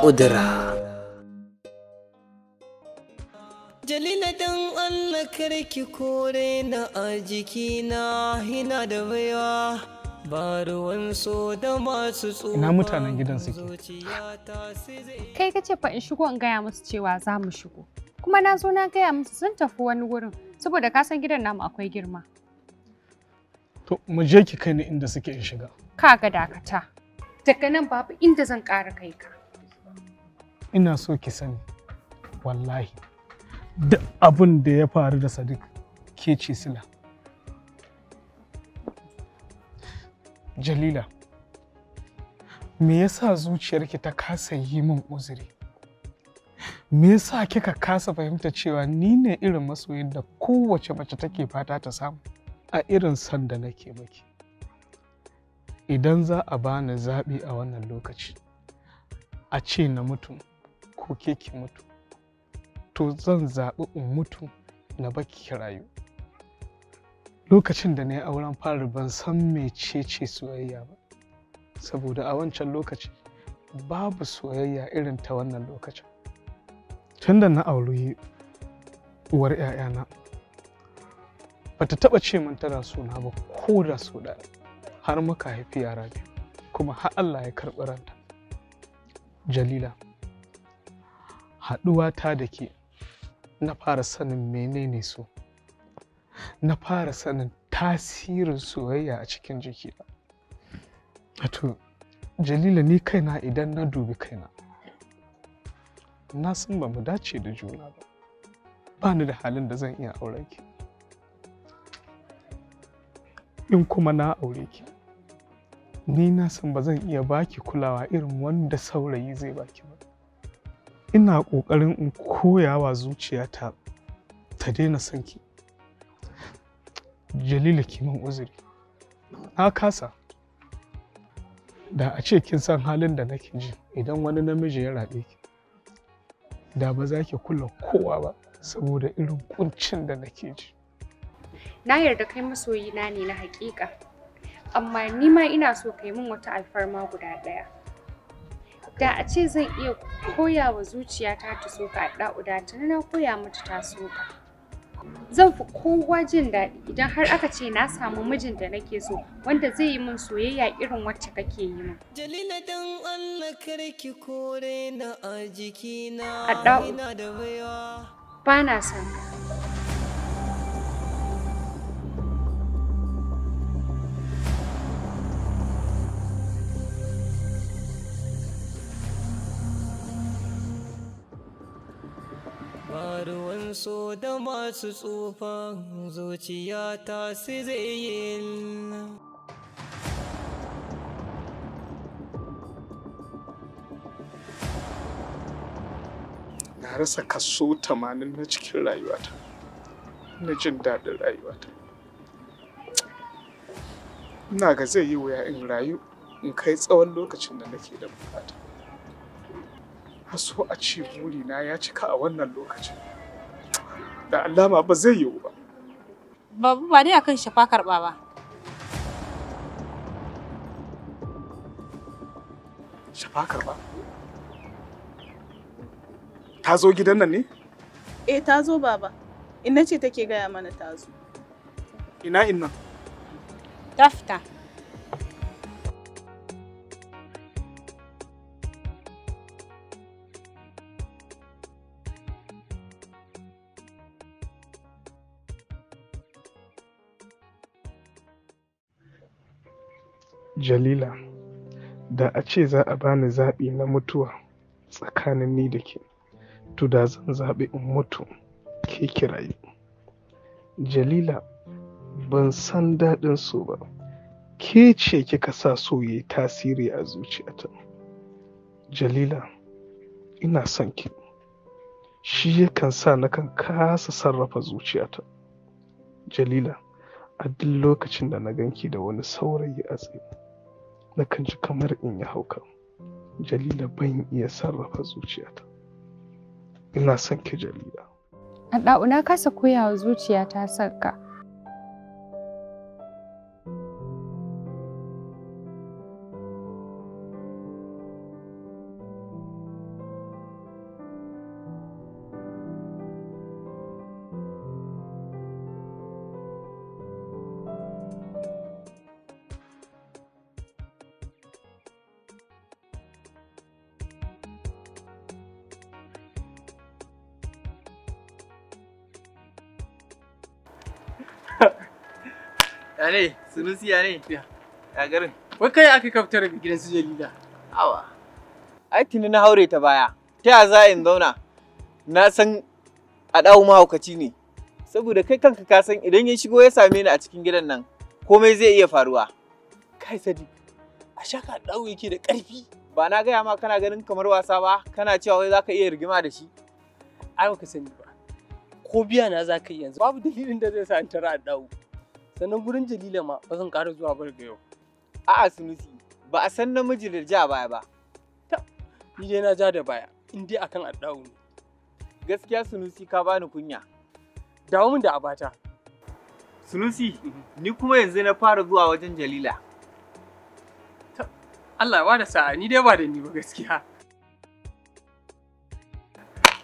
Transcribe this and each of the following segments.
Udura. dan Allah karki a jikina hina da baiwa Ina mutanen gidan suke. Kai kace fa in shigo in gaya musu cewa za mu shigo. Kuma na zo na gaya musu sun tafi wani wurin saboda ka san gidan namu akwai girma. To mu je ki kai ni inda suke in shiga. Ka ga dakata. Daga nan babu inda zan ƙara kai ka. Ina so ki sani wallahi duk abin da ya faru da Sadiq ke ce sila. Jalila, me yasa zuciyarki ta kasa yi min uzuri? Me yasa kika kasa fahimta cewa ni ne irin masoyin da kowace mace take fata ta samu? a irin son da nake maki idan za a bani zaɓi a wannan lokaci a ce na mutu ko ke mutu to zan zaɓi in mutu na baki ki rayu lokacin da na yi auren fara ban san ce-ce soyayya ba saboda a wancan lokaci babu soyayya irin ta wannan lokacin tun da na auri uwar 'ya'yana bata taɓa ce min tana suna ba ko da so ɗaya har muka haifi yara biyu kuma har Allah ya karɓi ranta jalila haɗuwa ta da ke na fara sanin menene su? na fara sanin tasirin soyayya a cikin jiki. wato jalila ni kaina idan na dubi kaina na san ba mu dace da juna ba Bani da halin da zan iya auren ki in kuma na aure ki ni na san ba zan iya baki kulawa irin wanda saurayi zai baki ba ina ƙoƙarin in koya wa zuciyata ta daina son ki jalila kiman uzuri na kasa da a ce kin san halin da nake ji idan wani namiji ya rabe ki da ba za ki kula kowa ba saboda irin kuncin da nake ji na yarda kai masoyina ne na haƙiƙa amma ni ma ina so kai min wata alfarma guda ɗaya da a ce zan iya koya wa zuciyata ta so ka da tuni na koya mata ta so ka zan fi kowa jin daɗi idan har aka ce na samu mijin da nake so wanda zai yi min soyayya irin wacce kake yi min jalila dan Allah karki kore na a jikina ina da ba na son ka ba ruwan da masu tsufa zuciya ta su zai yi na rasa kaso 80 na cikin rayuwata na jin daɗin rayuwata ina ga zai yi wuya in rayu in kai tsawon lokacin da nake da bukata so a ce burina ya cika a wannan lokacin. Da alama ba zai yiwu ba. Babu ba dai akan shafa karɓa ba. Shafa karɓa? Ta zo gidan nan ne? Eh ta zo baba. Ina ce take gaya mana ta zo. Ina inna? Ta fita. Jalila, da a ce za a bani zaɓi na mutuwa tsakanin ni da ke, to da zan zaɓi in mutu ke kirayi. Jalila, ban san daɗin so ba, ke ce kika sa so ya yi tasiri a zuciyata. Jalila, ina son ki, shi yakan sa nakan kasa sarrafa zuciyata. Jalila, a duk lokacin da na ganki da wani saurayi a tsaye. na kan ji kamar in yi hauka jalila ban iya sarrafa zuciyata ina son ki jalila a na kasa koyawa zuciyata sarka. ka Yane, ne? Sunusi ya Ya garin. Wai kai aka kaftar gidan su Jalila. Awa. Ai tuni na haure ta baya. Ta ya za in zauna? Na san a dawo mahaukaci ne. Saboda kai kanka ka san idan ya shigo ya same ni a cikin gidan nan komai zai iya faruwa. Kai sadi. A shaka dawo yake da ƙarfi. Ba na gaya ma kana ganin kamar wasa ba, kana cewa wai za ka iya rigima da shi. Ai baka sani ba. Ko biya na za ka yi yanzu. Babu dalilin da zai sa in tara a dawo. sannan gurin jalila ma ba zan ƙara zuwa bar yau a'a sunusi ba a san namiji da ja baya ba ni dai na ja da baya in dai akan addawu ne gaskiya sunusi ka bani kunya dawo min da abata sunusi ni kuma yanzu na fara zuwa wajen jalila Allah ba da sa'a ni dai ba da ni ba gaskiya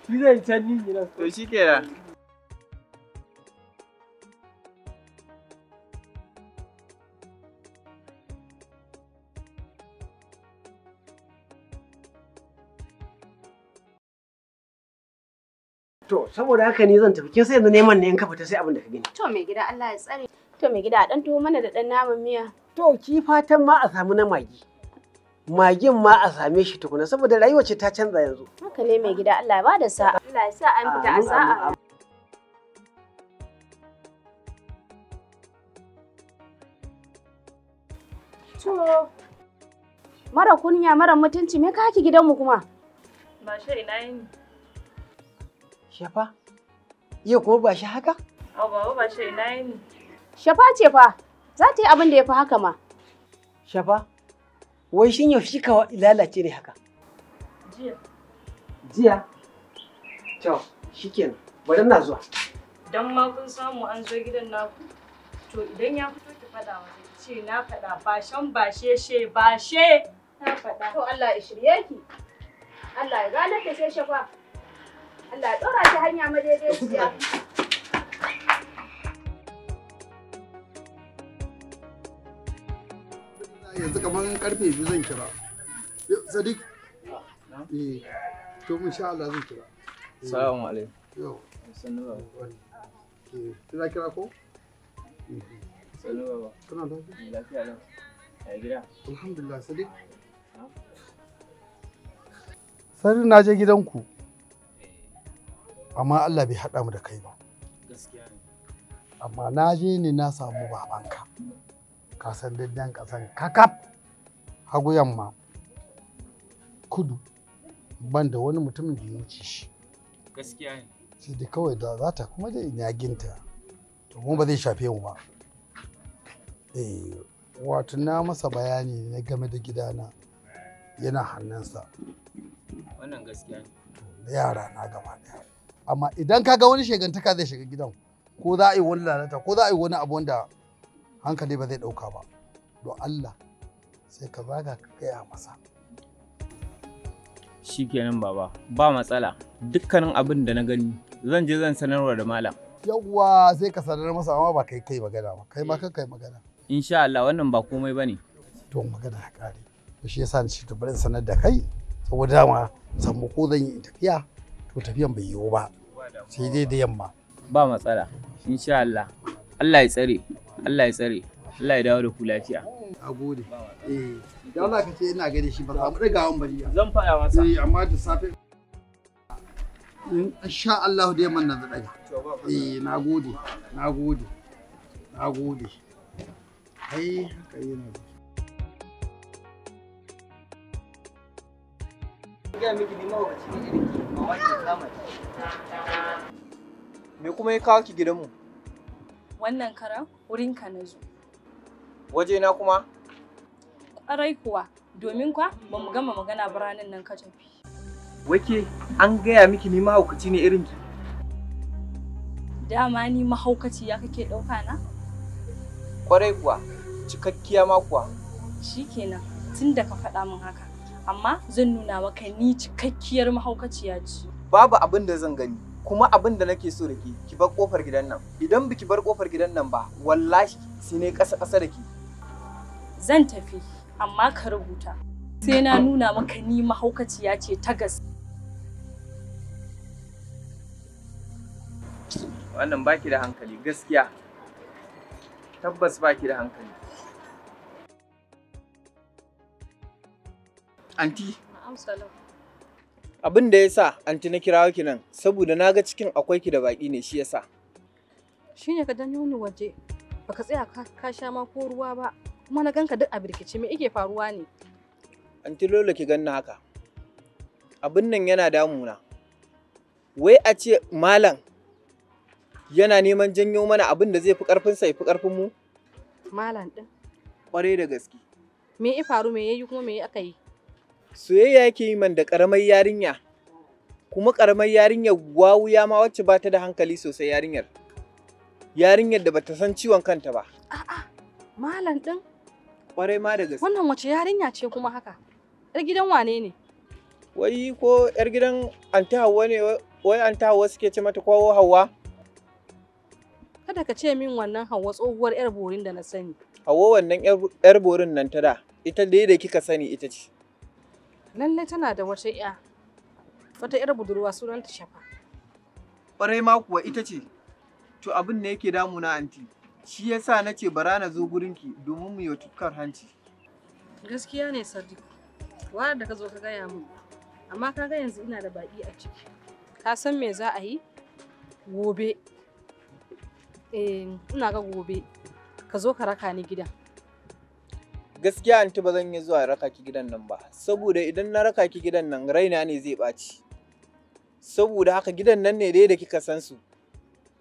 ni zai can ni to shikenan To saboda haka ni zan tafi kin sai yanzu neman ne in ka fita sai abin da ka gani. To mai gida Allah ya tsare. To mai gida a dan tuwo mana da dan naman miya. To ki fatan ma a samu na magi. Magin ma a same shi tukuna saboda rayuwa ce ta canza yanzu. Haka ne mai gida Allah ya bada da sa'a. Allah ya sa an fita a sa'a. To mara kunya mara mutunci me ka haki gidanmu kuma? Ba shi ina yini. Shafa, iya ko ba shi haka? Au baba ba shi ina yini. Shafa ce fa, za ta yi abin da ya fi haka ma. Shafa, wai shin yaushe ka lalace ne haka? Jiya. Jiya? kyau, shi shikenan, bari na zuwa. Don ma kun samu an zo gidan naku. To idan ya fito ki faɗa wa ce na faɗa shan ba she bashe na faɗa. To Allah ya shirye ki. Allah ya gane ta sai shafa. hanya madaidaiciya. yanzu kamar karfe biyu zan kira sadiq eh to mun sha Allah zan kira salamu alaikum baba eh, kira kira ko baba kana eh, lafiya lau a gida alhamdulillah sadiq sadiq na je gidanku amma Allah bai haɗa mu da kai ba amma na je ne na samu babanka ka san daddan kasan kakaf hagu yamma kudu ban da wani mutumin da ya wuce shi gaskiya ne sai da kawai da za ta kuma dai ya ginta to kuma ba zai shafe mu ba eh wato na masa bayani ne game da gidana yana hannunsa wannan gaskiya ne yara na gaba daya amma idan ka ga wani shagantaka zai shiga gidan ko za a yi wani lalata ko za a yi wani abu wanda hankali ba zai ɗauka ba to Allah sai ka zaga ka gaya masa shikenan baba ba matsala dukkanin abin da na gani zan je zan sanarwa da malam yawwa sai ka sanar masa amma ba kai kai magana ba kai ma kai magana insha Allah wannan ba komai bane to magana ya kare to shi yasa ni shi to bari sanar da kai saboda ma san ko zan yi tafiya to tafiyan bai yiwu ba sai dai da yamma ba matsala insha Allah Allah ya tsare Allah ya tsare Allah ya dawo da ku lafiya a gode eh da Allah ka ce ina gaida shi ba za mu riga mun bari zan fada masa eh amma da safe insha Allah da yamma nan da daga eh nagode nagode nagode ai haka yana Me kuma ya kawo ki gidanmu? Wannan kara ka na zo. Waje na kuma? Ƙwarai kuwa, domin kwa ba mu gama magana ba ranar nan ka tafi. Wake, an gaya miki ni mahaukaci ne irin ki. Dama ni mahaukaci ya kake ɗauka na? Ƙwarai kuwa, cikakkiya ma kuwa. Shikenan, tun da ka faɗa min haka. amma zan nuna maka ni cikakkiyar mahaukaciya ce babu abin da zan gani kuma abin da nake so da ke ki bar kofar gidan nan idan biki bar kofar gidan nan ba wallahi sai ne ƙasa ƙasa da ke zan tafi amma ka rubuta sai na nuna maka ni mahaukaciya ce ta gas wannan baki da hankali gaskiya tabbas baki da hankali Anti. Abin da ya sa anti na kirawo ki nan saboda na ga cikin akwai ki da baƙi ne shi ya sa. Shi ne ka janyo ni waje baka tsaya ka sha ma ko ruwa ba kuma na ganka duk a birkice me ike faruwa ne. Anti Lola ki ganna haka. Abin nan yana damuna. Wai a ce malam yana neman janyo mana abin da zai fi ƙarfinsa ya fi ƙarfin mu? Malam din. Ƙwarai da gaske. Me ya faru me ya yi kuma me aka yi? soyayya yake yi man da karamar yarinya kuma karamar yarinyar ya ma wacce ba ta da hankali sosai yarinyar yarinyar da bata san ciwon kanta ba a'a malam din kwarai ma da gaske wannan wace yarinya ce kuma haka yar gidan wane ne wai ko yar gidan Anta hawa ne wai Anta hawa suke ce mata kwawo hawa kada ka ce min wannan hawa tsohuwar yar borin da na sani hawa wannan yar borin nan ta da ita dai da kika sani ita ce Lallai tana da wata ya wata yar budurwa sunanta Shafa. Ƙwarai ma kuwa ita ce. To abin da yake damuna anti. Shi yasa na ce bara na zo gurinki domin mu yi tukar hanci. Gaskiya ne Sadiq. Wani da ka zo ka gaya mu. Amma ka ga yanzu ina da baƙi a ciki. Ka san me za a yi? Gobe. Eh, ina ga gobe. Ka zo ka raka ni gidan. gaskiya anti ba zan yi zuwa raka ki gidan nan ba saboda idan na raka ki gidan nan raina ne zai ɓaci saboda haka gidan nan ne dai da kika san su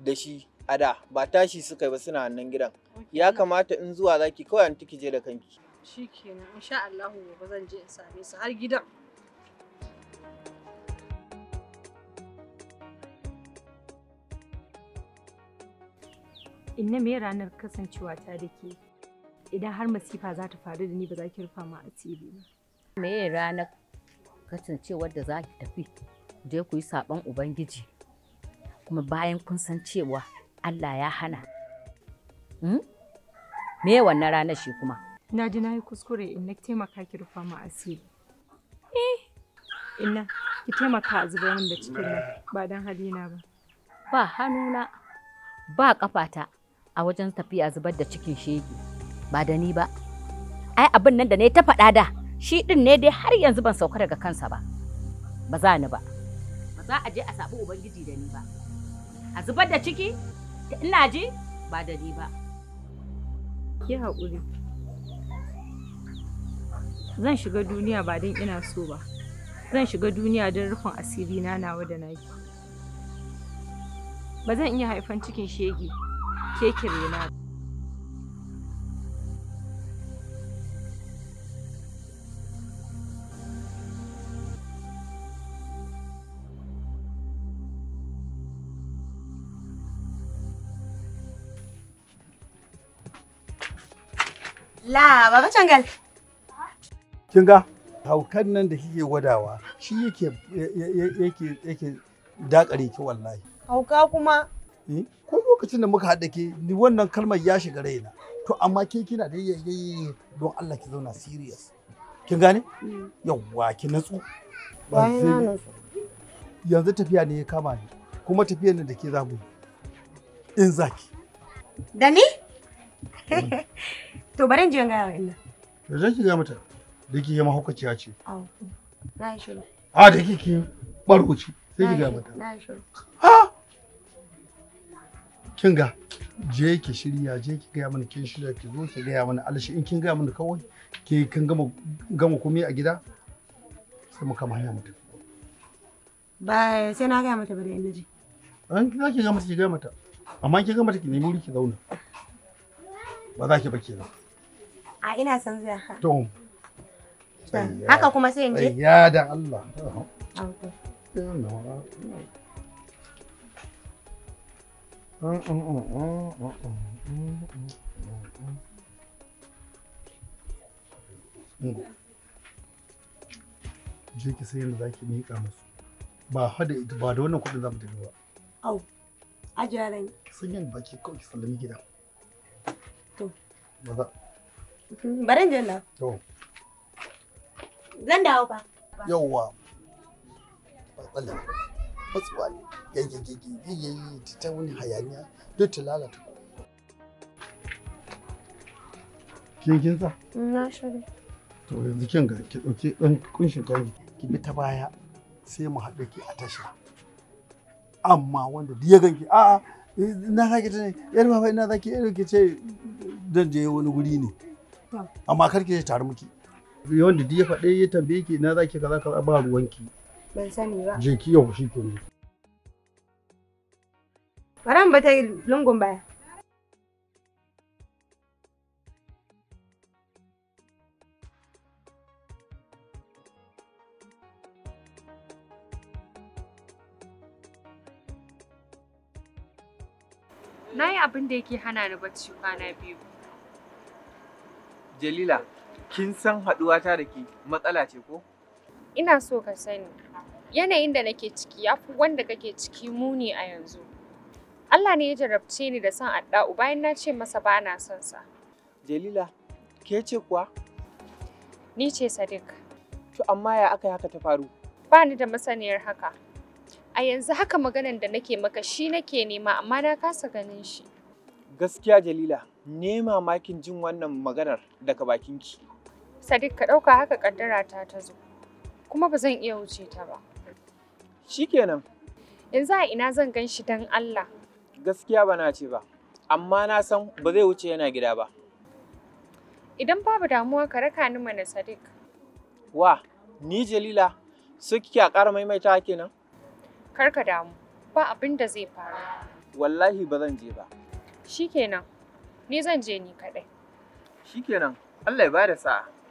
da shi a da ba tashi suka yi ba suna nan gidan ya kamata in zuwa zaki kawai anti ki je da kanki shikenan insha Allah gobe zan je in same su har gidan Inna mai ranar kasancewa ta da ke idan har masifa za ta faru da ni ba za ki rufa ma asiri ba. Me ranar kasancewar da za ki tafi je ku yi saɓon Ubangiji kuma bayan kun san cewa Allah ya hana. Hmm? Me wannan ranar shi kuma? Na ji na yi kuskure in na taimaka ki rufa ma asiri. Eh, inna ki taimaka a zuba da cikin nan ba don halina ba. Ba hannuna ba kafata a wajen tafiya zubar da cikin shege. ba da ni ba ai abin nan da ne ta faɗa da shi ɗin ne dai har yanzu ban sauka daga kansa ba ba za ni ba ba za a je a saɓi ubangiji da ni ba a zubar da ciki da ina ji ba da ni ba ki haƙuri zan shiga duniya ba don ina so ba zan shiga duniya don rufin asiri na nawa da naki ba zan iya haifan cikin shege ke na ba La, baba Cangal. Kin ga haukan nan da kike gwadawa shi yake yake yake dakare ki wallahi. Hauka kuma? Eh, ko lokacin da muka haɗa ke ni wannan kalmar ya shiga raina. To amma ke kina da yayyayi don Allah ki zauna serious. Kin gane? Mm. Yawwa ki natsu. ba zai Yanzu tafiya ne ya kama ni. Kuma tafiyar nan da ke zamu in zaki. Da ni? To bari in je gaya wa inna. To zan ki ga mata da ki mahaukaci ya ce. Na shiru. A da ga mata. Na Ha? Kin ga je ki shirya je ki gaya mana kin shirya ki zo ki gaya mana alshi in kin gaya mana kawai ke kin gama gama komai a gida sai mu kama hanya mutum. Ba sai na gaya mata ba da inna ji. An ki ga mata ki gaya mata. Amma ki ga mata ki nemi wuri ki zauna. Ba za ki ba kenan. A ina son zuwa. To. Haka kuma sai in je? Ya da Allah. Je ki sai yadda za ki miƙa musu. Ba da wannan kuɗin za mu tafi ba. Au, a Sun yin baki kawai ki sallami To. Maza. Baran je na. To. Zan dawo fa. Yawwa. Matsala. Matsuwa ne. Yanke gigi yayi ta wani hayaniya duk ta lalata. Kin kin sa? Na shirya. To yanzu kin ga ki dauki dan kunshin kai ki bi ta baya sai mu haɗu ki a tasha. Amma wanda duk ya ganki a'a na ka ta ne yar baba ina zaki yar ki ce dan je wani guri ne. amma kar ki tare miki wanda duk ya faɗe ya tambaye ki na zaki kaza kaza ba ruwanki ban sani ba je ki yau shi kenan Baran ba ta lungun baya Na yi abin da yake hana ni bacci kwana biyu. Jalila, kin san haɗuwa ta da ke matsala ce ko? Ina so ka sani. Yanayin da nake ciki ya fi wanda kake ciki muni a yanzu. Allah ne ya jarabce ni da son adda'u bayan na ce masa ba na son sa. Jalila, ke ce kuwa? Ni ce Sadiq. To amma ya aka haka ta faru? Ba ni da masaniyar haka. A yanzu haka maganan da nake maka shi nake nema amma na kasa ganin shi. Gaskiya Jalila, ne mamakin jin wannan maganar daga bakinki. Sadiq ka ɗauka haka ƙaddara ta ta zo, kuma ba zan iya wuce ta ba. Shikenan. Yanzu a ina zan gan shi don Allah. Gaskiya ba na ce ba, amma na san ba zai wuce yana gida ba. Idan babu damuwa ka raka ni mana Sadiq. Wa, ni Jalila, so kike a ƙara maimaita kenan? Kar ka damu, ba abin da zai faru. Wallahi ba zan je ba. Shikenan. Ni zan je ni kaɗai. Shikenan, Allah ya bada sa'a.